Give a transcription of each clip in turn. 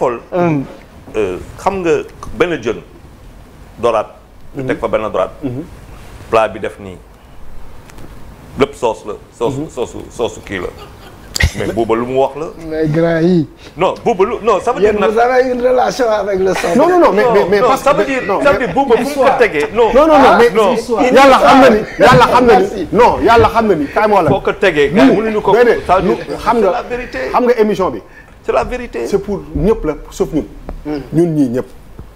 xool. Euh, xam nga benn jën doraat. ñu teg fa benn doraat. Mhm. plat bi def nii lépp soos la. soosu soosu soosu kii la. mais booba lu mu wax la. mais grand yi. non booba lu non ça veut dire. yéen vous avez une relation avec le sang. non non non mais mais parce que ça veut dire ça veut dire booba fu mu ko tegee. non non non ah, mais yàlla xam na ni yàlla xam na ni non yàlla xam na ni kaay ma wala. foo ko tegee gars yi mënuñu ko. xam nga xam nga émission bi. c'est la vérité. c'est pour ñëpp la sauf ñun. Hmm. ñun ñii ñëpp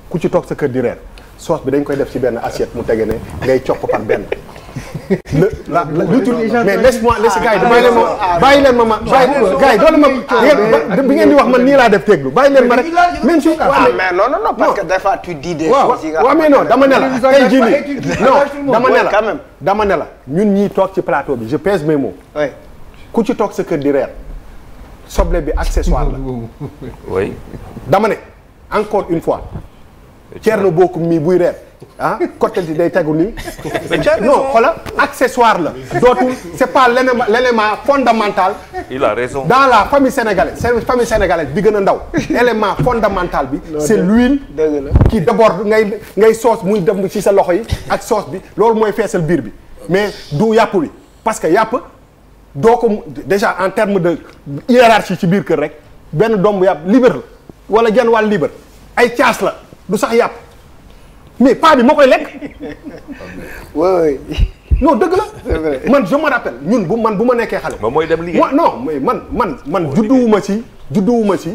ku ci toog sa kër di reer soos bi dañ koy def ci benn assiette mu tege ne ngay copp par benn. le la la mais laisse-moi laisse ah, gars yi ah, bàyyi leen ma ah, leen ma ma bàyyi gars yi doole ma bi ngeen di wax man nii laa def teglu bàyyi leen ma rek même si. ah mais non non non parce que des fois tu dis des choses yi nga waaw mais dama ne la tey jii dama ne la dama ne ñun ñii toog ci plateau bi je pèse mes mots. ku ci toog sa kër di reer. soble bi accessoire la. oui. dama ne encore une fois. Thierno Bocoum mii buy reer ah côté bi day tegu nii. non xoola accessoire la. dootul c' est pas l' élément l' élément fondamental. il raison dans la famille sénégalaise seen famille sénégalaise bi gën a ndaw. élément fondamental bi. c' est l'huile qui déborde ngay ngay soos muy dem ci sa loxo yi ak soos bi loolu mooy feesal biir bi mais du yàpp bi parce que yàpp. doo ko déjà en terme de hiérarchie ci biir kër rek benn doom bu yàpp libre la wala genn wàll libre ay caas la du sax yàpp mais paa bi moo koy lekk. non dëgg la man je me rappelle ñun bu man bu ma nekkee xale. moom mooy dem liggéey non mais man man man judduwuma ci judduwuma ci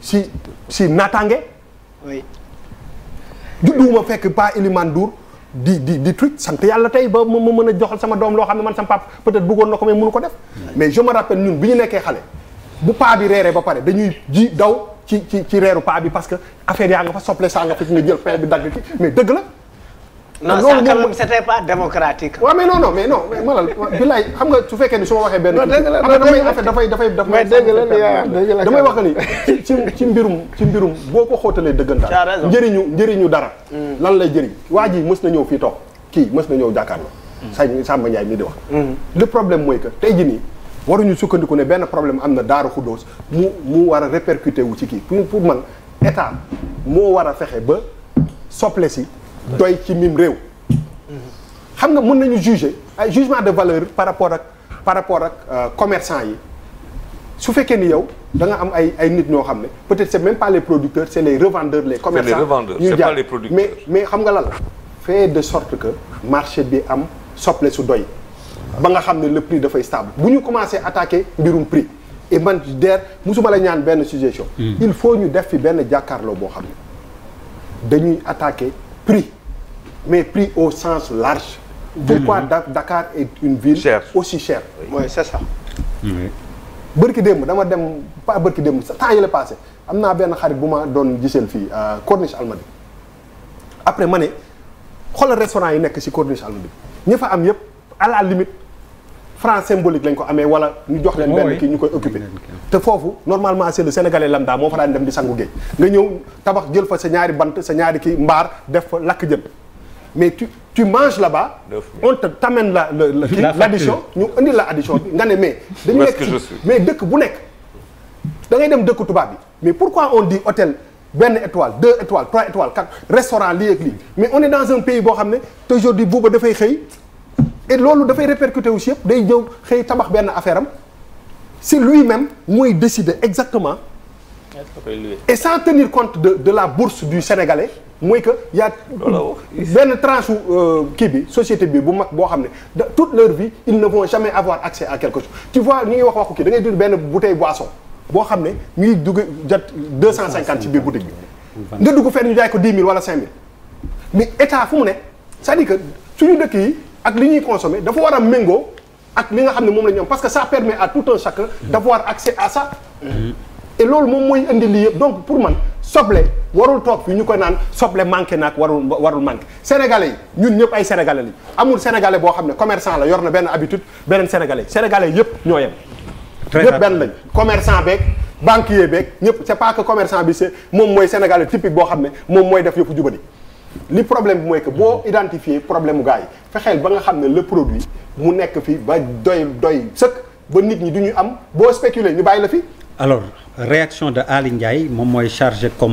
si si naataange. oui judduwuma fekk paa Elimane Dour. di di di truc sant yàlla tey ba ma mën a joxal sama doom loo xam ne man sama papa peut-être bëggoon na ko mais mënu ko def mais je me rappelle ñun bi ñu nekkee xale bu paa reeree ba pare dañuy ji daw ci ci ci reeru paa bi parce que affaire yaa nga fa sople saa nga fi nga jël pain bi dagg ci mais dëgg la non loolu moom c'était pas démocratique. waaw mais non non xam nga su fekkee ni su waxee benn. dëgg la damay affaire dafay dafay daf may dëgg damay wax ni ci ci mbirum ci mbirum boo ko xóotalee dëggantaan. njëriñu njëriñu dara. Mm. lan lay jëriñ waa ji mës na ñëw fii toog kii mës na ñëw jàkkaarloo. Mm. sëñ Samba Ndiaye mii di wax. Mm. le problème mooy que tey jii nii waruñu sukkandiku ne benn problème am na Daaru Xuddoos mu mu war a répercuter wu ci kii pour pour man état moo war a fexe ba sople si doy ci mim réew. xam nga mën nañu juger ay jugement de valeur par rapport ak par rapport ak euh, commerçant yi su fekkee ni yow da nga am ay ay nit ñoo xam ne peut-être c'est même pas les producteurs c'est les revendeurs les commerçants. c'est les revendeurs c'est mais xam nga lan la. fait de sorte que marché bi am soble su doy. ba nga xam ne le prix dafay stable bu ñu commencé attaquer mbirum prix. et man der musuma la ñaan benn suggestion. Hmm. il faut ñu def fi benn jàkkaarloo boo xam dañuy attaquer prix. mais pris au sens large. Mmh. pourquoi Dakar est une ville. Cher. aussi chère. mooy oui, c'est bërki démb dama dem pas bërki démb sa temps yële passé am naa benn xarit bu ma doon giseel fii euh, Corniche Almadi après ma ne xoolal restaurant yi nekk ci Corniche Almadi ña fa am yëpp à la limite franc symbolique lañ ko amee wala ñu jox leen oh benn kii ñu koy occupé te foofu normalement c'est le sénégalais moo fa daan dem di sangu géej nga ñëw tabax jël fa sa ñaari bant sa ñaari kii mbaar def fa lakk jën mais tu tu manges là-bas. on te t'amène la la la kii ñu indi la addition bi nga ne mais. dañu nekk mais dëkk bu nekk. da ngay dem dëkk tubaab bi mais pourquoi on dit hôtel benn étoile deux étoiles trois étoiles quatre restaurant lii ak lii mais on est dans un pays boo xam ne te aujourd'hui buuba dafay xëy. loolu dafay répercuté wu si yëpp day jëw xëy tabax benn affaire am si lui-même mooy décider exactement. et sans tenir compte de de la bourse du sénégalais. mooy que y' a benn tranche euh, kii bi société bi bu mag boo xam ne da toute leur vie ils ne vont jamais avoir accès à quelque chose tu vois ñu ngi wax waxu kii da ngay jël benn bouteille boisson boo xam ne mi ngi dugg jot deux cent cinquante ci bu boutique bi nga dugg fenn ñu jaay ko dix mille wala cinq mille mais état fu mu ne c'est-à-dire que suñu dëkk yi ak li ñuy consommer dafa war a méngoo ak li nga xam ne moom la parce que ça permet à tout un chacun d'avoir accès à ça mm-hmm. et loolu moom mooy indi lii yëpp donc pour man soble warul toog fii ñu ko naan soble manqué naag warul warul manqué sénégalais yi ñun ñëpp ay sénégalais lañ amul sénégalais boo xam ne commerçant la yor na benn habitude beneen sénégalais sénégalais yëpp ñoo yem ñëpp benn lañ commerçant beeg banquier beeg ñëpp c'est pas que commerçant bi se moom mooy sénégalais typique boo xam ne moom mooy def yëpp jubadi li problème bi mooy que boo identifier problème mu gars yi fexeel ba nga xam ne le produit mu nekk fii ba doy doy sëkk ba nit ñi du ñu am boo spéculer ñu bàyyi la fi alors réaction de Aly Ndiaye moom mooy chargé comme